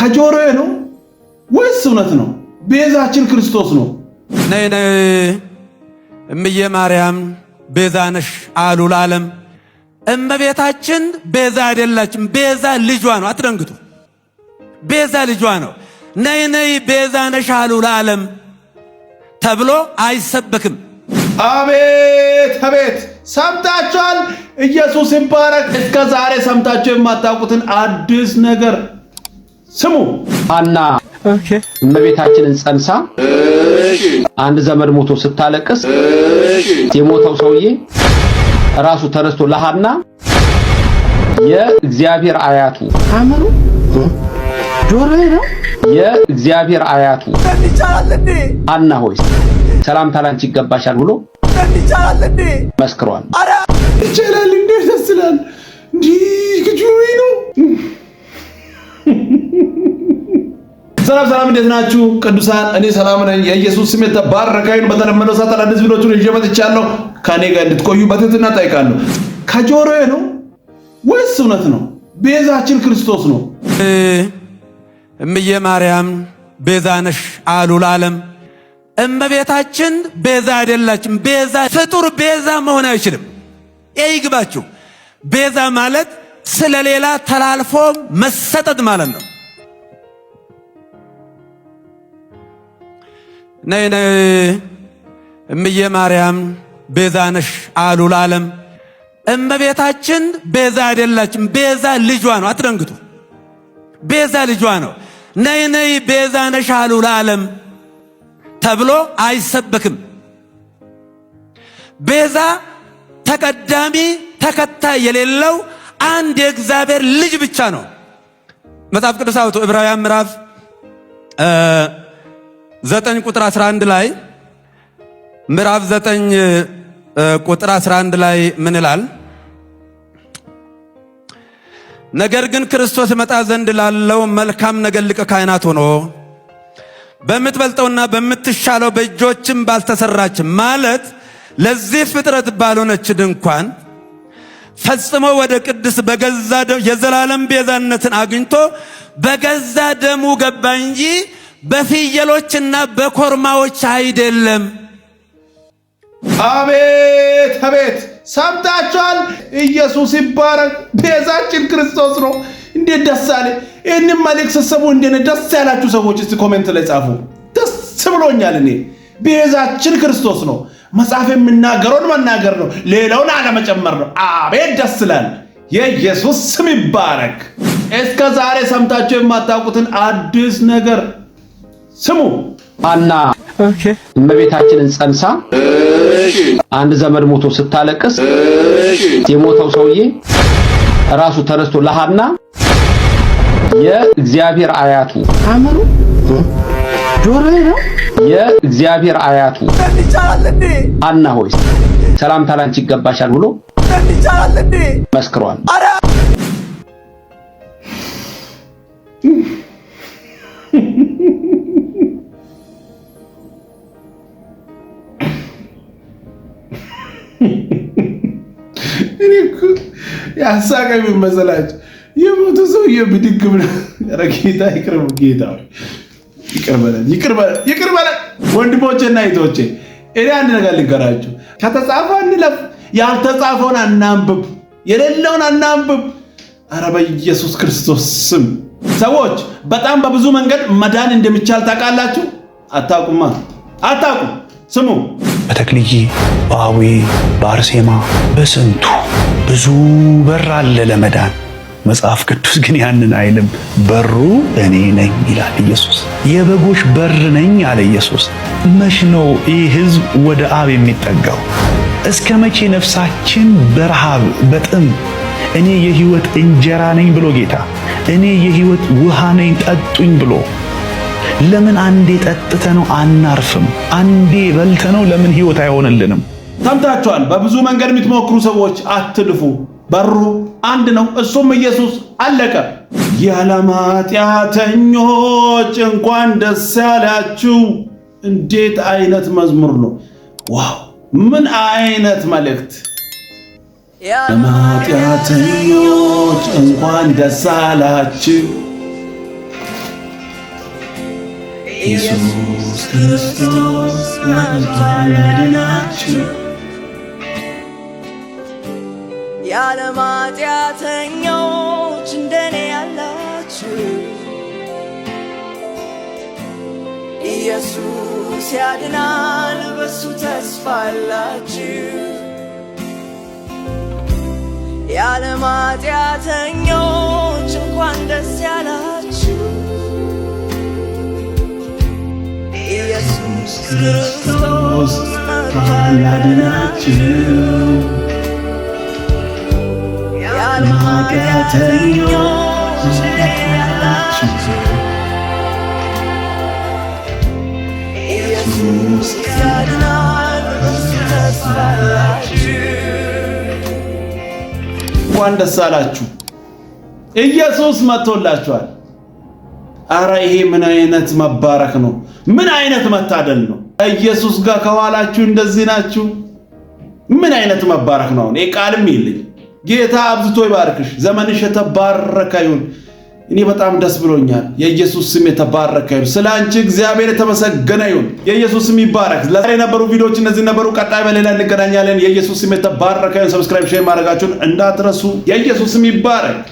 ከጆሮዬ ነው ወይስ እውነት ነው? ቤዛችን ክርስቶስ ነው። ነይ ነይ እምዬ ማርያም ቤዛ ነሽ አሉ ለዓለም። እመቤታችን ቤዛ አይደላችን። ቤዛ ልጇ ነው። አትደንግጡ። ቤዛ ልጇ ነው። ነይ ነይ ቤዛ ነሽ አሉ ለዓለም ተብሎ አይሰበክም። አቤት አቤት! ሰምታችኋል። ኢየሱስ ይባረክ። እስከ ዛሬ ሰምታችሁ የማታውቁትን አዲስ ነገር ስሙ አና እመቤታችንን ጸንሳ አንድ ዘመድ ሞቶ ስታለቅስ የሞተው ሰውዬ ራሱ ተነስቶ ለሃና የእግዚአብሔር አያቱ አመሩ ጆሮ ነው የእግዚአብሔር አያቱ አና ሆይ ሰላምታ ላንቺ ይገባሻል ብሎ መስክሯል። ይቻላል እንዴ! ደስ ይላል እንዲህ ነው ሰላም ሰላም፣ እንዴት ናችሁ ቅዱሳን? እኔ ሰላም ነኝ። የኢየሱስ ስም የተባረከ ይሁን። በተለመደው ሰዓት አዳዲስ ቪዲዮዎችን ይዤ መጥቻለሁ። ከኔ ጋር እንድትቆዩ በትህትና እጠይቃለሁ። ከጆሮዬ ነው ወይስ እውነት ነው? ቤዛችን ክርስቶስ ነው። እምዬ ማርያም ቤዛ ነሽ አሉ ለዓለም። እመቤታችን ቤዛ አይደላችም። ቤዛ ፍጡር ቤዛ መሆን አይችልም። ይግባችሁ። ቤዛ ማለት ስለሌላ ተላልፎ መሰጠት ማለት ነው። ነይ ነይ እምዬ ማርያም ቤዛ ነሽ አሉ ለዓለም። እመቤታችን ቤዛ አይደላችም። ቤዛ ልጇ ነው። አትደንግጡ። ቤዛ ልጇ ነው። ነይ ነይ ቤዛ ነሽ አሉ ለዓለም ተብሎ አይሰበክም። ቤዛ ተቀዳሚ ተከታይ የሌለው አንድ የእግዚአብሔር ልጅ ብቻ ነው። መጽሐፍ ቅዱስ አውቶ ዕብራውያን ምዕራፍ ዘጠኝ ቁጥር 11 ላይ ምዕራፍ ዘጠኝ ቁጥር 11 ላይ ምን ይላል? ነገር ግን ክርስቶስ መጣ ዘንድ ላለው መልካም ነገር ሊቀ ካህናት ሆኖ በምትበልጠውና በምትሻለው በእጆችም ባልተሰራች ማለት ለዚህ ፍጥረት ባልሆነች ድንኳን ፈጽሞ ወደ ቅድስ በገዛ የዘላለም ቤዛነትን አግኝቶ በገዛ ደሙ ገባ እንጂ በፍየሎችና በኮርማዎች አይደለም። አቤት አቤት! ሰምታችኋል? ኢየሱስ ይባረክ። ቤዛችን ክርስቶስ ነው። እንዴት ደስ አለ! ይህንን መልእክት ስትሰሙ እንዴት ደስ ያላችሁ ሰዎች እስቲ ኮሜንት ላይ ጻፉ። ደስ ብሎኛል እኔ። ቤዛችን ክርስቶስ ነው። መጽሐፍ የምናገረውን መናገር ነው፣ ሌላውን አለመጨመር ነው። አቤት ደስ ይላል። የኢየሱስ ስም ይባረክ። እስከ ዛሬ ሰምታችሁ የማታውቁትን አዲስ ነገር ስሙ አና እመቤታችንን ጸንሳ አንድ ዘመድ ሞቶ ስታለቅስ የሞተው ሰውዬ ራሱ ተነስቶ ለሃና የእግዚአብሔር አያቱ አመሩ ጆሮ ነው የእግዚአብሔር አያቱ አና ሆይ ሰላምታ ላንቺ ይገባሻል ብሎ መስክሯል። የአሳቃሚ መሰላቸው የሞቱ ሰውዬ ብድግ ብለ ኧረ ጌታ ይቅርብ፣ ጌታ ይቅር በለን፣ ይቅር እህቶቼ እኔ አንድ ነገር ልንገራችሁ፣ ከተጻፈ እንለፍ፣ ያልተጻፈውን አናንብብ፣ የሌለውን አናንብብ። ኧረ በኢየሱስ ክርስቶስ ስም ሰዎች በጣም በብዙ መንገድ መዳን እንደሚቻል ታውቃላችሁ? አታውቁማ፣ አታውቁ። ስሙ በተክልዬ፣ በአዊ፣ በአርሴማ በስንቱ ብዙ በር አለ ለመዳን። መጽሐፍ ቅዱስ ግን ያንን አይልም። በሩ እኔ ነኝ ይላል ኢየሱስ። የበጎች በር ነኝ አለ ኢየሱስ። መች ነው ይህ ሕዝብ ወደ አብ የሚጠጋው? እስከ መቼ ነፍሳችን በረሃብ በጥም? እኔ የሕይወት እንጀራ ነኝ ብሎ ጌታ እኔ የሕይወት ውሃ ነኝ ጠጡኝ ብሎ ለምን አንዴ ጠጥተ ነው አናርፍም? አንዴ በልተ ነው ለምን ሕይወት አይሆንልንም? ሰምታችኋል። በብዙ መንገድ የምትሞክሩ ሰዎች አትልፉ። በሩ አንድ ነው፣ እሱም ኢየሱስ። አለቀ። የዓለም እንኳን ደስ ያላችሁ። እንዴት አይነት መዝሙር ነው! ዋው! ምን አይነት መልእክት! የዓለም እንኳን ደስ አላችሁ ኢየሱስ ክርስቶስ ያድናችሁ። የዓለም ኃጢአተኞች እንደኔ ያላችሁ ኢየሱስ ያድናል በሱ ተስፋ አላችሁ። የዓለም ኃጢአተኞች እንኳን ደስ ያላችሁ ኢየሱስ ክርስቶስ ያድናችሁ። ማዳተኞች ያላችሁ ኢየሱስ እንኳን ደስ አላችሁ። ኢየሱስ መጥቶላችኋል። አረ ይሄ ምን አይነት መባረክ ነው! ምን አይነት መታደል ነው! ኢየሱስ ጋር ከኋላችሁ እንደዚህ ናችሁ። ምን አይነት መባረክ ነው! አሁን ይሄ ቃልም የለኝ ጌታ አብዝቶ ይባርክሽ። ዘመንሽ የተባረከ ይሁን። እኔ በጣም ደስ ብሎኛል። የኢየሱስ ስም የተባረከ ይሁን። ስለ አንቺ እግዚአብሔር የተመሰገነ ይሁን። የኢየሱስ ስም ይባረክ። ለዛሬ የነበሩ ቪዲዮዎች እነዚህ ነበሩ። ቀጣይ በሌላ እንገናኛለን። የኢየሱስ ስም የተባረከ ይሁን። ሰብስክራይብ፣ ሼር ማድረጋችሁን እንዳትረሱ። የኢየሱስ ስም ይባረክ።